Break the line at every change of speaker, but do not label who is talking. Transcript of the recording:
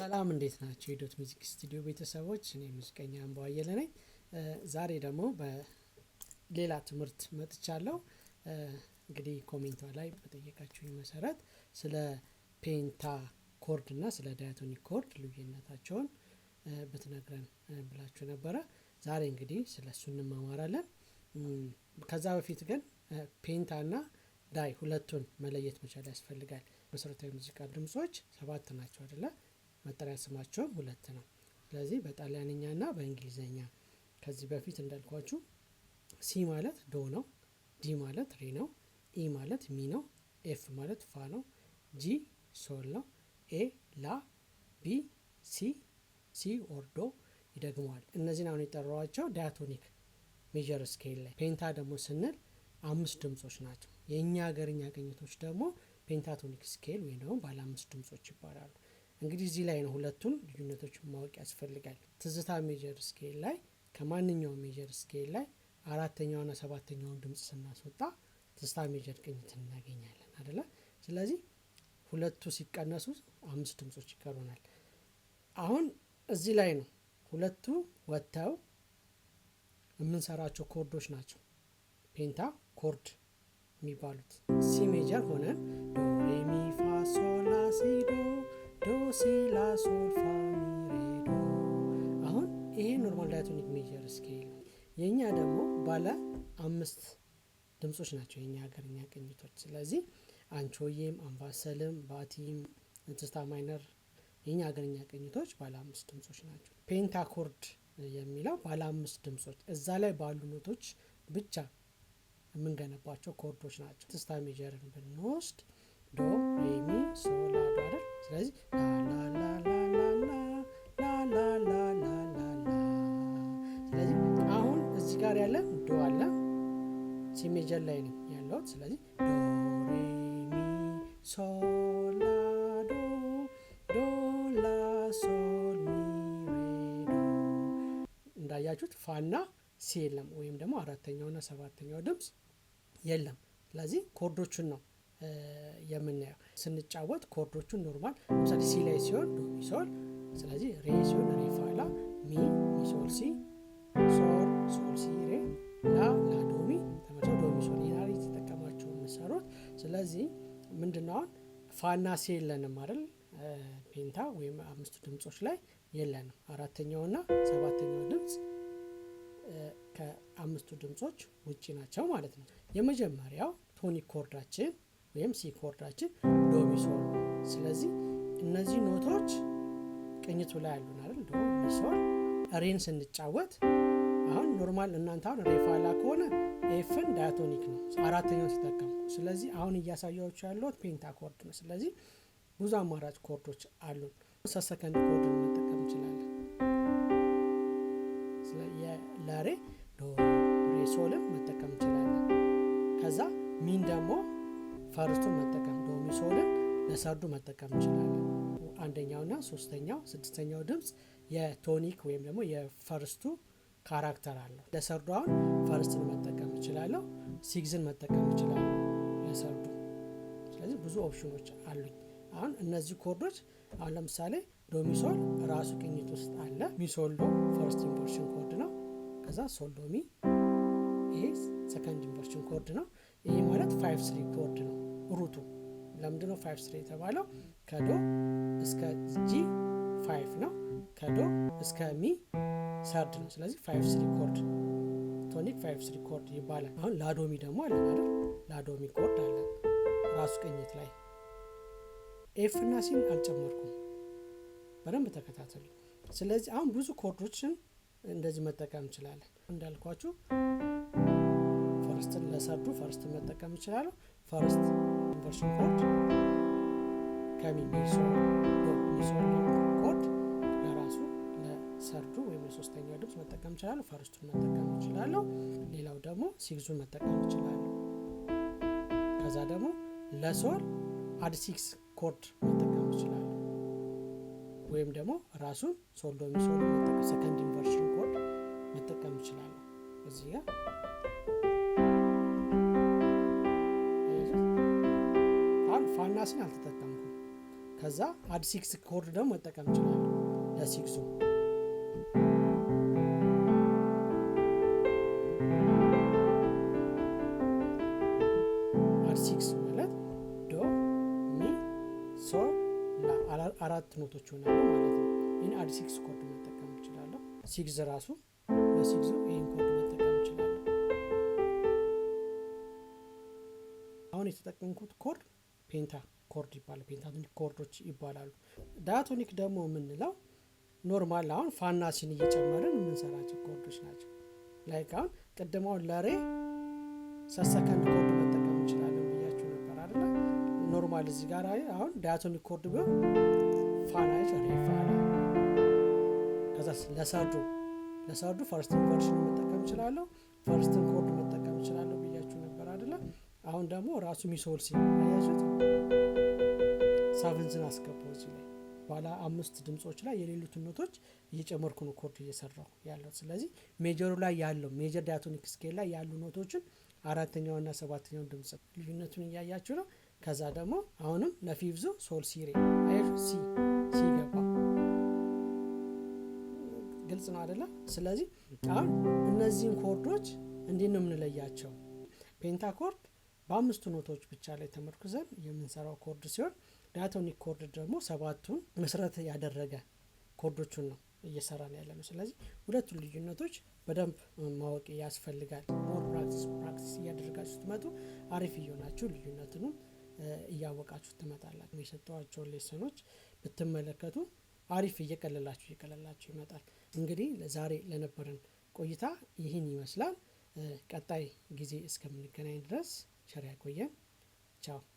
ሰላም እንዴት ናቸው? የዶት ሚዚክ ስቱዲዮ ቤተሰቦች እኔ ሙዚቀኛ አምባው አየለ ነኝ። ዛሬ ደግሞ በሌላ ትምህርት መጥቻለሁ። እንግዲህ ኮሜንቷ ላይ በጠየቃችሁኝ መሰረት ስለ ፔንታ ኮርድ እና ስለ ዳያቶኒክ ኮርድ ልዩነታቸውን ብትነግረን ብላችሁ ነበረ። ዛሬ እንግዲህ ስለ እሱ እንማማራለን። ከዛ በፊት ግን ፔንታ እና ዳይ ሁለቱን መለየት መቻል ያስፈልጋል። መሰረታዊ ሙዚቃ ድምጾች ሰባት ናቸው አይደለ? መጠሪያ ስማቸውም ሁለት ነው። ስለዚህ በጣሊያንኛ ና በእንግሊዝኛ ከዚህ በፊት እንዳልኳችሁ ሲ ማለት ዶ ነው፣ ዲ ማለት ሪ ነው፣ ኢ ማለት ሚ ነው፣ ኤፍ ማለት ፋ ነው፣ ጂ ሶል ነው፣ ኤ ላ፣ ቢ ሲ፣ ሲ ኦር ዶ ይደግመዋል። እነዚህን አሁን የጠራዋቸው ዳያቶኒክ ሜጀር ስኬል ላይ ፔንታ ደግሞ ስንል አምስት ድምጾች ናቸው። የእኛ ሀገርኛ ቅኝቶች ደግሞ ፔንታቶኒክ ስኬል ወይም ደግሞ ባለ አምስት ድምጾች ይባላሉ። እንግዲህ እዚህ ላይ ነው ሁለቱን ልዩነቶችን ማወቅ ያስፈልጋል። ትዝታ ሜጀር ስኬል ላይ ከማንኛውም ሜጀር ስኬል ላይ አራተኛውና ሰባተኛውን ድምፅ ስናስወጣ ትዝታ ሜጀር ቅኝት እናገኛለን አደለ? ስለዚህ ሁለቱ ሲቀነሱ አምስት ድምጾች ይቀሩናል። አሁን እዚህ ላይ ነው ሁለቱ ወጥተው የምንሰራቸው ኮርዶች ናቸው ፔንታ ኮርድ የሚባሉት ሲ ሜጀር ሆነን ዶሬሚፋሶላሲዶ ሲላሶል ፋሚሬዶ። አሁን ይሄ ኖርማል ዳያቶኒክ ሜጀር ስኬል ነው። የእኛ ደግሞ ባለ አምስት ድምጾች ናቸው የኛ ሀገርኛ ቅኝቶች። ስለዚህ አንቾዬም፣ አምባሰልም፣ ባቲም፣ ትዝታ ማይነር የኛ ሀገርኛ ቅኝቶች ባለ አምስት ድምጾች ናቸው። ፔንታኮርድ የሚለው ባለ አምስት ድምጾች እዛ ላይ ባሉ ኖቶች ብቻ የምንገነባቸው ኮርዶች ናቸው። ትዝታ ሜጀርን ብንወስድ ዶ ሬሚ ሶላ ላ ዶ አይደል? ስለዚህ ያለ ዶ አለ። ሲ ሜጀር ላይ ነው ያለሁት። ስለዚህ ዶ ሬ ሚ ሶ ላ ዶ ዶ ላ ሶ ሚ ሬ ዶ። እንዳያችሁት ፋና ሲ የለም ወይም ደግሞ አራተኛውና ሰባተኛው ድምፅ የለም። ስለዚህ ኮርዶቹን ነው የምናየው ስንጫወት ኮርዶቹን ኖርማል ለምሳሌ ሲ ላይ ሲሆን ዶ ሚሶል ስለዚህ ሬ ሲሆን ሬ ፋላ ሚ ሚሶል ሲ ሶል ስለዚህ ምንድነው አሁን ፋናሲ የለንም አይደል? ፔንታ ወይም አምስቱ ድምጾች ላይ የለንም። አራተኛውና ሰባተኛው ድምፅ ከአምስቱ ድምጾች ውጪ ናቸው ማለት ነው። የመጀመሪያው ቶኒክ ኮርዳችን ወይም ሲ ኮርዳችን ዶ ስለዚህ እነዚህ ኖቶች ቅኝቱ ላይ ያሉን አይደል? ሬን ስንጫወት አሁን ኖርማል እናንተ አሁን ሬፋላ ከሆነ ኤፍን ዳያቶኒክ ነው አራተኛው ሲጠቀም። ስለዚህ አሁን እያሳያዎች ያለሁት ፔንታ ኮርድ ነው። ስለዚህ ብዙ አማራጭ ኮርዶች አሉን። ሰሰከንድ ኮርድ መጠቀም እንችላለን። ለሬ ዶ ሶልም መጠቀም እንችላለን። ከዛ ሚን ደግሞ ፈርስቱን መጠቀም ዶሚ ሶልም ለሰርዱ መጠቀም እንችላለን። አንደኛውና ሶስተኛው ስድስተኛው ድምፅ የቶኒክ ወይም ደግሞ የፈርስቱ ካራክተር አለው። ለሰርዱ አሁን ፈርስትን መጠቀም እችላለሁ፣ ሲግዝን መጠቀም እችላለሁ ለሰርዱ። ስለዚህ ብዙ ኦፕሽኖች አሉኝ። አሁን እነዚህ ኮርዶች አሁን ለምሳሌ ዶሚሶል ራሱ ቅኝት ውስጥ አለ። ሚሶልዶ ፈርስት ኢንቨርሽን ኮርድ ነው። ከዛ ሶልዶሚ ይሄ ሰከንድ ኢንቨርሽን ኮርድ ነው። ይሄ ማለት ፋይቭ ስሪ ኮርድ ነው ሩቱ። ለምንድነው ፋይቭ ስሪ የተባለው? ከዶ እስከ ጂ ፋይፍ ነው። ከዶ እስከ ሚ ሰርድ ነው። ስለዚህ ፋይቭ ስሪ ኮርድ ቶኒክ ፋይቭ ስሪ ኮርድ ይባላል። አሁን ላዶሚ ደግሞ አለ አይደል? ላዶሚ ኮርድ አለ ራሱ ቅኝት ላይ ኤፍ እና ሲን አልጨመርኩም። በደንብ ተከታተሉ። ስለዚህ አሁን ብዙ ኮርዶችን እንደዚህ መጠቀም እንችላለን። እንዳልኳችሁ ፈርስትን ለሰርዱ ፈርስትን መጠቀም ይችላሉ። ፈርስት ኢንቨርሽን ኮርድ ከሚሜሶ ሚሶ ኮርድ ለራሱ ለሰርዱ ወይም ለሶስተኛው ድምፅ መጠቀም እችላለሁ። ፈርስቱን መጠቀም ይችላለሁ። ሌላው ደግሞ ሲግዙን መጠቀም እችላለሁ። ከዛ ደግሞ ለሶል አድ ሲክስ ኮርድ መጠቀም እችላለሁ። ወይም ደግሞ ራሱን ሶል ዶ ሚሶ መጠቀም ሰከንድ ኢንቨርሽን ኮርድ መጠቀም እችላለሁ እዚህ ጋር ፋናስን አልተጠቀምኩም። ከዛ አድ ሲክስ ኮርድ ደግሞ መጠቀም ይችላል ለሲክሱ አራት ኖቶች ይሆናሉ ማለት ነው። ይህን አድ ሲክስ ኮርድ መጠቀም ይችላለሁ። ሲክስ ራሱ ለሲክሱ ይህን ኮርድ መጠቀም ይችላለሁ። አሁን የተጠቀምኩት ኮርድ ፔንታ ኮርድ ይባላል። ፔንታቶኒክ ኮርዶች ይባላሉ። ዳያቶኒክ ደግሞ የምንለው ኖርማል አሁን ፋናሲን እየጨመርን የምንሰራቸው ኮርዶች ናቸው። ላይክ አሁን ቅድም ለሬ ሰሰከንድ ኮርድ መጠቀም እንችላለን ብያቸው ነበር አይደለ? ኖርማል እዚህ ጋር አሁን ዳያቶኒክ ኮርድ ቢሆን ፋና ሬ ፋና ከዛ ለሰርዱ ለሰርዱ ፈርስትን ቨርሽን መጠቀም እንችላለሁ። ፈርስት ኮርድ መጠቀም እንችላለሁ። አሁን ደግሞ ራሱ ሚሶል ሲ ያያችሁት ሳብንዝን አስገባው እዚህ ላይ ባለ አምስት ድምጾች ላይ የሌሉትን ኖቶች እየጨመርኩ ነው ኮርድ እየሰራው ያለው። ስለዚህ ሜጀሩ ላይ ያለው ሜጀር ዳያቶኒክ ስኬል ላይ ያሉ ኖቶችን አራተኛውና ሰባተኛውን ድምጽ ልዩነቱን እያያችሁ ነው። ከዛ ደግሞ አሁንም ለፊቭዙ ሶል ሲሬ አይ ሲ ሲገባ ግልጽ ነው አደለ? ስለዚህ አሁን እነዚህን ኮርዶች እንዴት ነው የምንለያቸው? ፔንታኮርድ በአምስቱ ኖቶች ብቻ ላይ ተመርኩዘን የምንሰራው ኮርድ ሲሆን ዳያቶኒክ ኮርድ ደግሞ ሰባቱን መሰረት ያደረገ ኮርዶቹን ነው እየሰራ ነው ያለ ነው። ስለዚህ ሁለቱን ልዩነቶች በደንብ ማወቅ ያስፈልጋል። ሞር ፕራክቲስ ፕራክቲስ እያደረጋችሁ ስትመጡ አሪፍ እየሆናችሁ ልዩነትንም እያወቃችሁ ትመጣላችሁ። የሰጠዋቸውን ሌሰኖች ብትመለከቱ አሪፍ እየቀለላችሁ እየቀለላችሁ ይመጣል። እንግዲህ ዛሬ ለነበረን ቆይታ ይህን ይመስላል። ቀጣይ ጊዜ እስከምንገናኝ ድረስ अच्छा रहा कोई है हाँ? चाओ